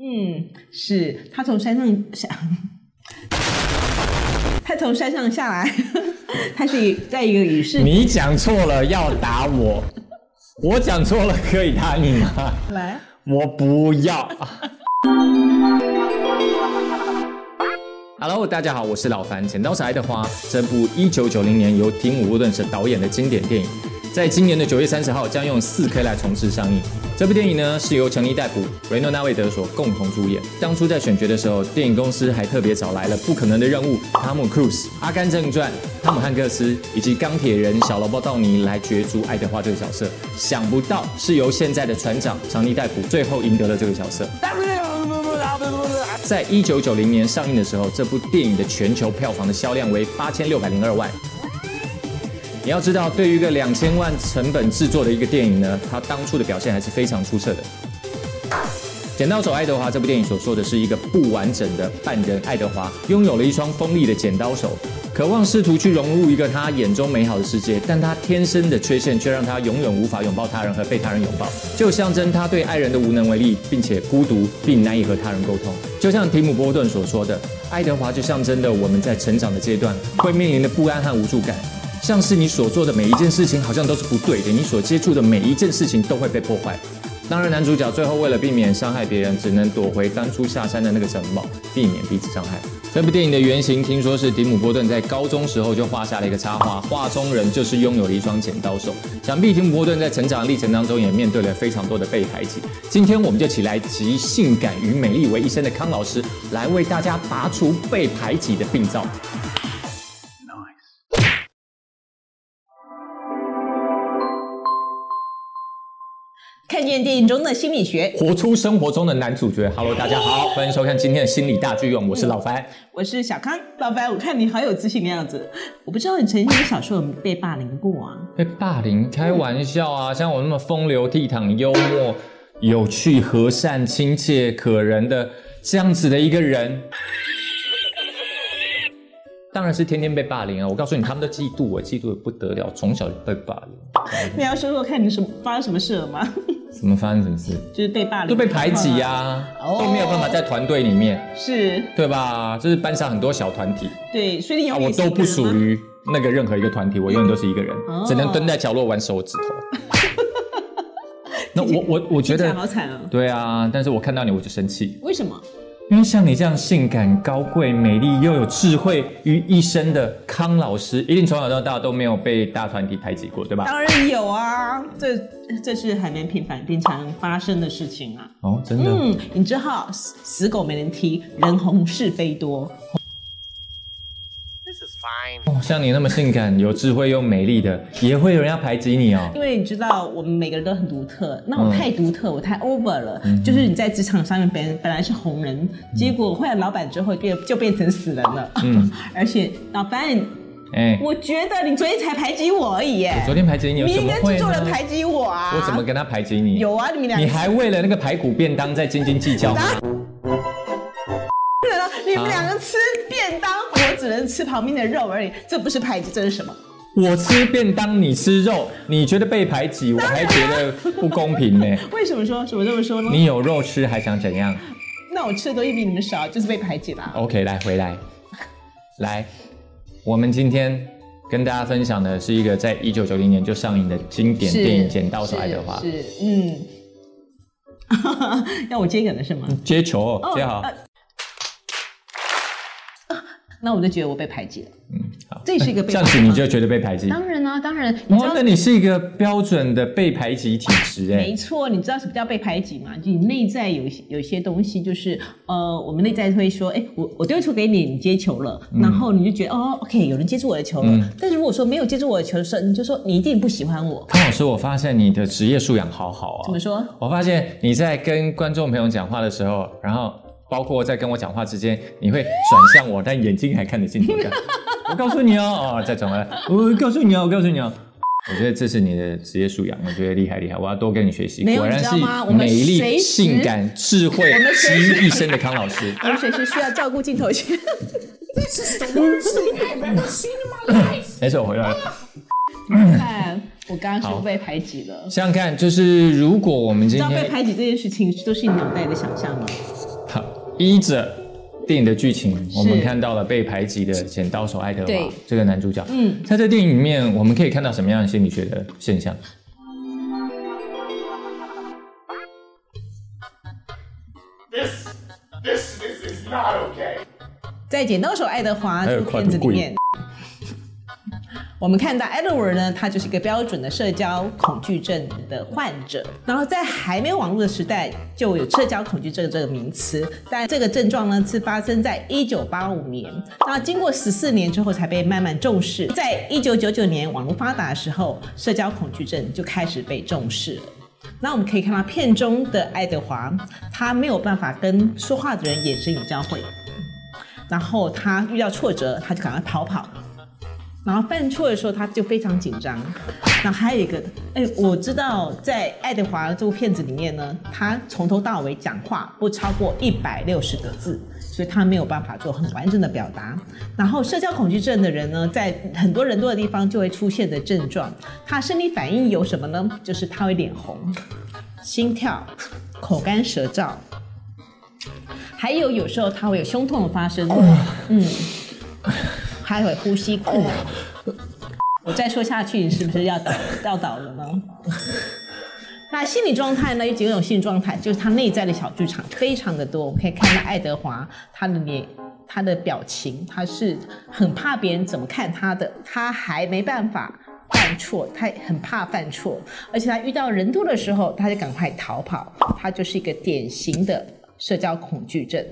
嗯，是他從山上下， 他從山上下來， 他是在一個雨勢。你講錯了，要打我。 我講錯了，可以打你嗎？來，我不要。哈嘍 大家好，我是老樊，剪刀手愛德華。這部一九九零年由提姆波頓是導演的經典電影。在今年的九月三十號將用四 K 來重製上映。這部電影呢是由強尼戴普、維諾納威德所共同主演。當初在選角的時候，電影公司還特別找來了《不可能的任務》、湯姆·克魯斯、《阿甘正傳》、湯姆·漢克斯以及《鋼鐵人》小羅伯·道尼來角逐愛德華這個角色。想不到是由現在的船長強尼戴普最後贏得了這個角色。在一九九零年上映的時候，這部電影的全球票房的銷量為八千六百零二萬。你要知道，對於一個兩千萬成本制作的一個電影呢，他當初的表現還是非常出色的。《剪刀手愛德華》這部電影所說的是一個不完整的半人愛德華，擁有了一雙鋒利的剪刀手，渴望試圖去融入一個他眼中美好的世界，但他天生的缺陷卻讓他永遠無法擁抱他人和被他人擁抱，就象徵他對愛人的無能為力，並且孤獨並難以和他人溝通。就像提姆·波頓所說的，愛德華就象徵着我們在成長的階段會面臨的不安和無助感。像是你所做的每一件事情，好像都是不對的；你所接觸的每一件事情，都會被破壞。當然，男主角最後為了避免傷害別人，只能躲回當初下山的那個城堡，避免彼此傷害。這部電影的原型，聽說是提姆·波頓在高中時候就畫下了一個插畫，畫中人就是擁有了一雙剪刀手。想必提姆·波頓在成長的歷程當中，也面對了非常多的被排擠。今天，我們就請來集性感與美麗為一身的康老師，來為大家拔除被排擠的病灶。看見電影中的心理學，活出生活中的男主角。Hello，大家好，歡迎收看今天的心理大劇院，我是老樊。嗯，我是小康。老樊，我看你好有自信的樣子，我不知道你曾經小時候有沒被霸凌過啊？被霸凌？開玩笑啊！嗯、像我那麼風流倜儻、幽默、有趣、和善、親切、可人的這樣子的一個人， 當然是天天被霸凌啊！我告訴你，他們都嫉妒我，嫉妒得不得了，從小就被霸凌。霸凌，你要說說看你什发生什麼事了嗎？怎麼發生什麼事？就是被霸凌的、啊，都被排擠呀、啊，哦、都沒有辦法在團隊裡面，是對吧？就是班上很多小團體。對，所以你以我都不屬於那個任何一個團體，嗯、我永遠都是一個人，哦、只能蹲在角落玩手指頭。 那我我我覺得好慘啊、哦！對啊，但是我看到你我就生氣。為什麼？因為像你這樣性感、高貴、美麗又有智慧於一身的康老師，一定從小到大都沒有被大團體排擠過，對吧？當然有啊，這這是還蠻頻繁經常發生的事情啊。哦，真的。嗯，你知道，死狗沒人踢，人紅是非多。哦，像你那麼性感、有智慧又美麗的，也會有人要排擠你哦。因為你知道，我們每個人都很獨特。那我太獨特，我太 over 了。就是你在職場上面，本來是紅人，結果換了老闆之後，變就變成死人了。嗯。而且老闆，哎，我覺得你昨天才排擠我而已耶。我昨天排擠你，你明明是做了排擠我啊。我怎麼跟他排擠你？有啊，你們倆。你還為了那個排骨便當在斤斤計較嗎？你們兩個吃便當。只能吃旁邊的肉而已，這不是排擠，這是什麼？我吃便當，你吃肉，你覺得被排擠， 我還覺得不公平呢、欸。 為什麼說？什麼這麼說呢？你有肉吃，還想怎樣？那我吃的東西比你們少，就是被排擠吧。OK，來回來，來，我們今天跟大家分享的是一個在一九九零年就上映的經典電影《剪刀手愛德華》是。是，嗯。 要我接梗了是嗎？接球，接好。Oh, uh, 那我就覺得我被排擠了，嗯，好，這是一個被、欸、這樣子你就覺得被排擠？當然啊，當然，我覺得你是一個標準的被排擠體質，欸，誒沒錯，你知道什麼叫被排擠嗎？就你內在有有些東西，就是呃，我們內在會說，誒、欸、我我丟球給你，你接球了，然後你就覺得、嗯、哦，OK，有人接住我的球了，嗯、但是如果說沒有接住我的球的時候，你就說你一定不喜歡我。康老師，我發現你的職業素養好好啊、喔，怎麼說？我發現你在跟觀眾朋友講話的時候，然後。包括在跟我講話之間，你會轉向我，但眼睛還看著鏡頭。我告訴你哦，再轉過來，我告訴你哦，我告訴你哦。我覺得這是你的職業素養，我覺得厲害厲害，我要多跟你學習。沒有知道嗎？果然是美麗性感智慧集於一身的康老師。我們隨時，我們隨時需要照顧鏡頭一下。這是什麼職業？沒事，我回來了。你看，我剛剛說被排擠了。想想看，就是如果我們今天，被排擠這件事情，都是你腦袋的想象嗎？依著，電影的劇情，是我們看到了被排擠的剪刀手愛德華對這個男主角。嗯，他在電影裡面，我們可以看到什麼樣的心理學的現象？在剪刀手愛德華這片子裡面。我們看到 Edward 呢，他就是一個標準的社交恐懼症的患者。然後在還沒有網絡的時代，就有社交恐懼症這個名詞，但這個症狀呢是發生在一九八五年，那經過十四年之後才被慢慢重視。在一九九九年網絡發達的時候，社交恐懼症就開始被重視了。那我們可以看到片中的愛德華，他沒有辦法跟說話的人眼神有交會，然後他遇到挫折，他就趕快逃跑。然後犯錯的時候，他就非常緊張。然後還有一個，哎，我知道在愛德華這部片子裡面呢，他從頭到尾講話不超過一百六十個字，所以他沒有辦法做很完整的表達。然後社交恐懼症的人呢，在很多人多的地方就會出現的症狀。他生理反應有什麼呢？就是他會臉紅、心跳、口乾舌燥，還有有時候他會有胸痛的發生的。哦、嗯。他會呼吸困難。我再說下去，你是不是要倒倒倒了嗎？那心理狀態呢？有幾種心理狀態，就是他內在的小劇場非常的多。我們可以看到愛德華他的臉、他的表情，他是很怕別人怎麼看他的，他還沒辦法犯錯，他很怕犯錯，而且他遇到人多的時候，他就趕快逃跑。他就是一個典型的社交恐懼症。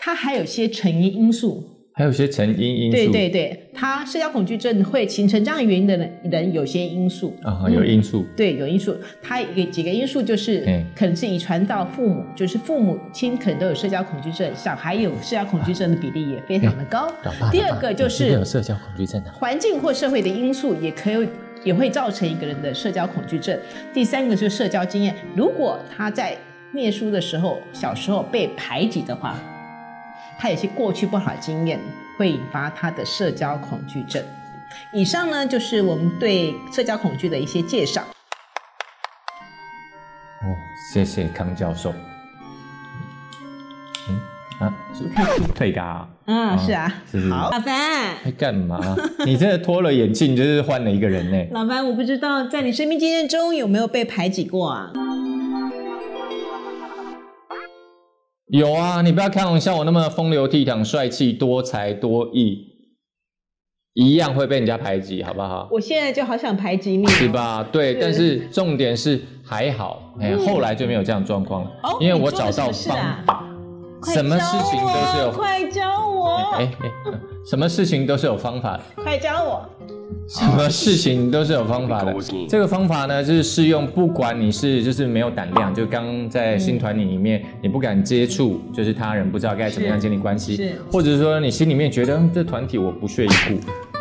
他還有些成因因素。還有些成因因素，對對對，他社交恐懼症會形成這樣的原因的人，人有些因素啊，有因素、嗯，對，有因素。它有幾個因素就是，可能是遺傳到父母，嘿就是父母親可能都有社交恐懼症，小孩有社交恐懼症的比例也非常的高。啊、第二個就是社交恐懼症，環境或社會的因素也可以也會，嗯，也會造成一個人的社交恐懼症。第三個就是社交經驗，如果他在念書的時候小時候被排擠的話，嗯他有些過去不好經驗，會引發他的社交恐懼症。以上呢，就是我們對社交恐懼的一些介紹。哦，謝謝康教授。嗯啊，啊，是不是可以退卡啊？嗯，是啊。好，老樊白。幹、欸、嘛？ 你真的脫了眼鏡，就是換了一個人嘞、欸。老樊，我不知道在你生命經驗中有沒有被排擠過啊？有啊，你不要看我像我那麼風流倜儻、帥氣、多才多藝，一樣會被人家排擠，好不好？我現在就好想排擠你哦。是吧？對，對，但是重點是還好，哎，後來就沒有這樣狀況了，嗯，因為我找到方法。哦什麼事情都是有方法的！快教我！什麼事情都是有方法的。這個方法呢，就是適用不管你是就是沒有膽量，就剛在新團體裡面、嗯、你不敢接觸，就是他人不知道該怎麼樣建立關係，或者是說你心裡面覺得這團體我不屑一顧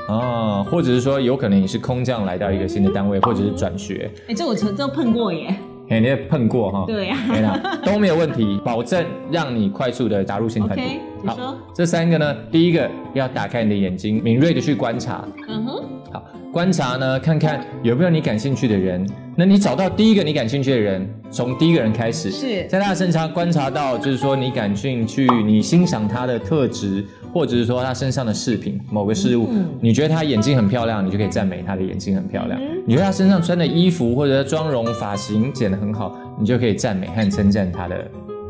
啊，或者是說有可能你是空降來到一個新的單位，嗯嗯，或者是轉學，哎、欸，這我曾經碰過耶。哎，你也碰過哈？對呀、啊，對 啦，都沒有問題，保證讓你快速的打入新團隊 Okay, 好，你說這三個呢，第一個要打開你的眼睛，敏銳的去觀察。嗯哼、uh。Huh. 好，觀察呢，看看有沒有你感興趣的人。那你找到第一個你感興趣的人，從第一個人開始，是在他的身上觀察到，就是說你感興趣，你欣賞他的特質，或者是說他身上的飾品某個事物，嗯、你覺得他眼睛很漂亮，你就可以讚美他的眼睛很漂亮。嗯你覺得他身上穿的衣服，或者妝容、髮型剪得很好，你就可以讚美和稱讚他的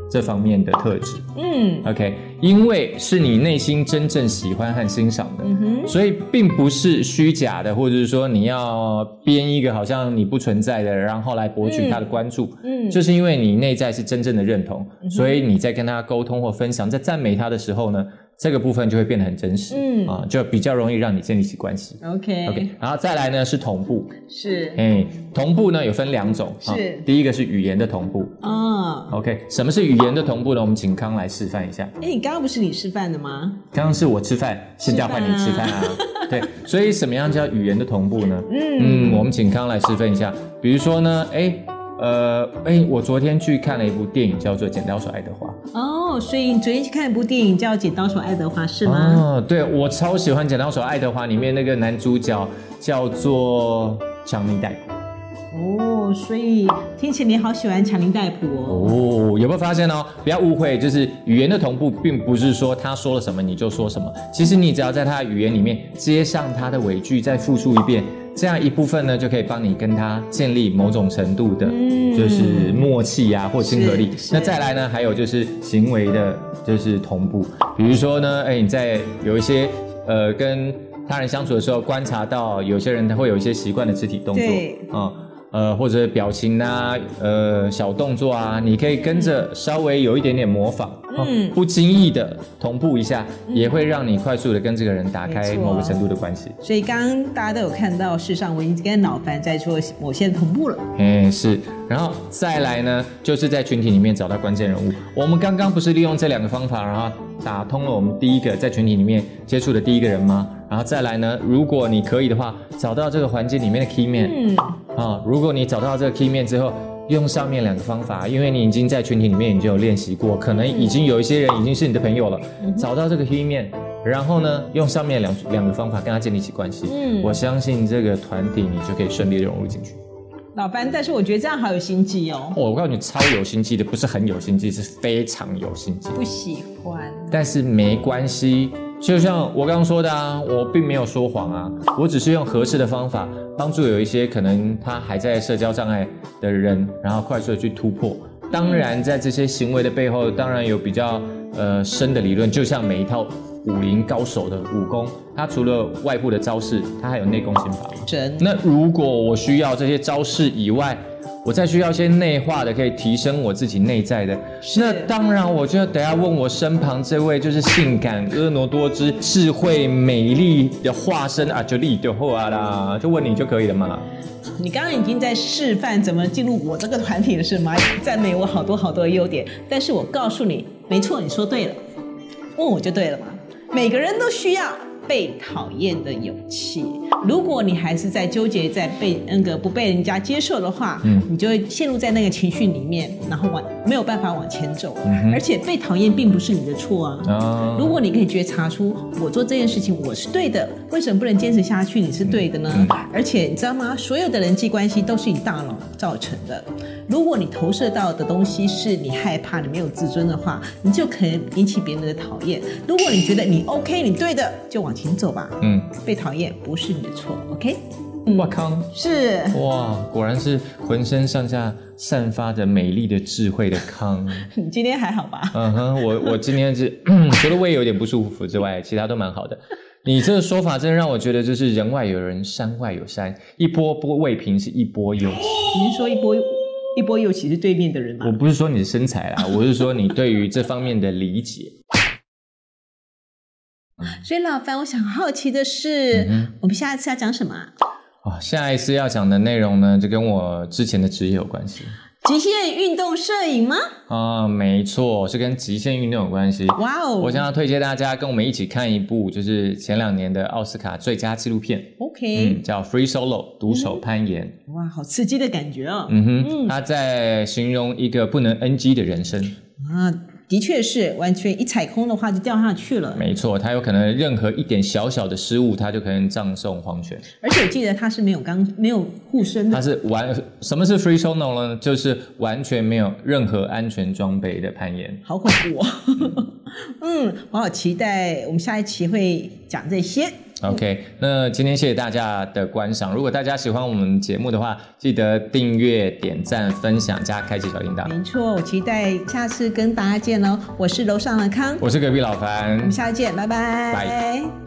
這方面的特質。嗯，OK，因為是你內心真正喜歡和欣賞的，嗯、哼所以並不是虛假的，或者是說你要編一個好像你不存在的，然後來博取他的關注。嗯，嗯就是因為你內在是真正的認同，嗯、哼所以你在跟他溝通或分享，在讚美他的時候呢，這個部分就會變得很真實，嗯啊，就比較容易讓你建立起關係。OK、嗯、OK，然後再來呢是同步，是，哎，同步呢有分兩種，啊、是，第一個是語言的同步，啊、哦，OK，什麼是語言的同步呢？我們請康來示範一下。哎，你剛剛不是你示範的嗎？剛剛是我吃飯，現在、嗯、換你吃飯啊， 對，所以什麼樣叫語言的同步呢？嗯嗯，我們請康來示範一下，比如說呢，哎。呃、欸，我昨天去看了一部電影，叫做《剪刀手愛德華》。哦，oh, 所以你昨天去看一部電影叫《剪刀手愛德華》是嗎？啊，對，我超喜歡《剪刀手愛德華》裡面那個男主角叫做強尼戴普。哦，oh, 所以聽起來你好喜歡強尼戴普哦。哦，oh, 有沒有發現哦？不要誤會，就是語言的同步，並不是說他說了什麼你就說什麼。其實你只要在他的語言裡面接上他的尾句，再複述一遍。這樣一部分呢，就可以幫你跟他建立某種程度的，嗯、就是默契啊，或親和力。那再來呢，還有就是行為的，就是同步。比如說呢，哎、欸，你在有一些呃跟他人相處的時候，觀察到有些人他會有一些習慣的肢體動作啊，對呃或者表情啊，呃小動作啊，你可以跟着稍微有一點點模仿。嗯、哦，不經意的同步一下，嗯、也會讓你快速的跟這個人打開某個程度的關係。所以剛剛大家都有看到世，事實上我已經跟老樊在做某些同步了。嗯，是。然後再來呢，是的就是在群體裡面找到關鍵人物。我們剛剛不是利用這兩個方法，然後打通了我們第一個在群體裡面接觸的第一個人嗎？然後再來呢，如果你可以的話，找到這個環境裡面的 key man。嗯。啊、哦，如果你找到這個 key man 之後。用上面兩個方法，因為你已經在群體裡面，已經有練習過，可能已經有一些人已經是你的朋友了。嗯、找到這個黑面，man, 然後呢，用上面兩兩個方法跟他建立起關係。嗯，我相信這個團體你就可以順利的融入進去。老樊，但是我覺得這樣好有心機哦,哦。我告訴你，超有心機的，不是很有心機，是非常有心機。不喜歡。但是沒關係。就像我剛剛說的啊，我並沒有說謊啊，我只是用合適的方法幫助有一些可能他還在社交障礙的人，然後快速的去突破。當然，在這些行為的背後，當然有比較呃深的理論，就像每一套武林高手的武功，它除了外部的招式，它還有內功心法。真。那如果我需要這些招式以外，我再需要一些內化的，可以提升我自己內在的。的的那，當然，我就要等下問我身旁這位，就是性感婀娜多姿、智慧美麗的化身阿、啊、就麗就後阿啦，就問你就可以了嘛。你剛剛已經在示範怎麼進入我這個團體了，是嗎？讚美我好多好多的優點，但是我告訴你，沒錯，你說對了，問我就對了嘛。每個人都需要。被討厭的勇氣。如果你還是在糾結在被那個不被人家接受的話，你就會陷入在那個情緒裡面，然後往沒有辦法往前走。而且被討厭並不是你的錯啊。如果你可以覺察出我做這件事情我是對的，為什麼不能堅持下去？你是對的呢。而且你知道嗎？所有的人際關係都是你大腦造成的。如果你投射到的東西是你害怕你沒有自尊的話，你就可能引起別人的討厭。如果你覺得你 OK，你對的，就往。請走吧。嗯，被討厭不是你的錯。OK，我、嗯、康是哇，果然是渾身上下散發着美麗的智慧的康。 你今天還好吧？嗯哼、uh，huh, 我我今天是除了胃有點不舒服之外，其他都蠻好的。 你這個說法真的讓我覺得就是人外有人，山外有山，一波波未平是一波又起。你是說一波一波又起是對面的人嗎？我不是說你的身材啊， 我是說你對於這方面的理解。所以老樊，我想好奇的是，嗯、哼我們下一次要講什麼啊？下一次要講的內容呢，就跟我之前的職業有關係。極限運動攝影嗎？啊，沒錯，是跟極限運動有關係。哇哦 Wow！我想要推薦大家跟我們一起看一部，就是前兩年的奧斯卡最佳紀錄片。OK、嗯、叫《Free Solo》，獨手攀岩、嗯。哇，好刺激的感覺哦！嗯哼，嗯他在形容一個不能 NG 的人生。啊的確是完全一踩空的話就掉下去了。沒錯，他有可能任何一點小小的失誤，他就可能葬送黃泉。而且我記得他是沒有剛，沒有護身的。他是完，什麼是 free solo 呢？就是完全沒有任何安全裝備的攀岩。好恐怖哦。 嗯，我好期待我們下一期會講這些。嗯、OK，那今天謝謝大家的觀賞。如果大家喜歡我們節目的話，記得訂閱、點讚、分享加開啟小鈴鐺。沒錯，我期待下次跟大家見哦。我是樓上的康，我是隔壁老樊，我們下次見，拜拜。拜。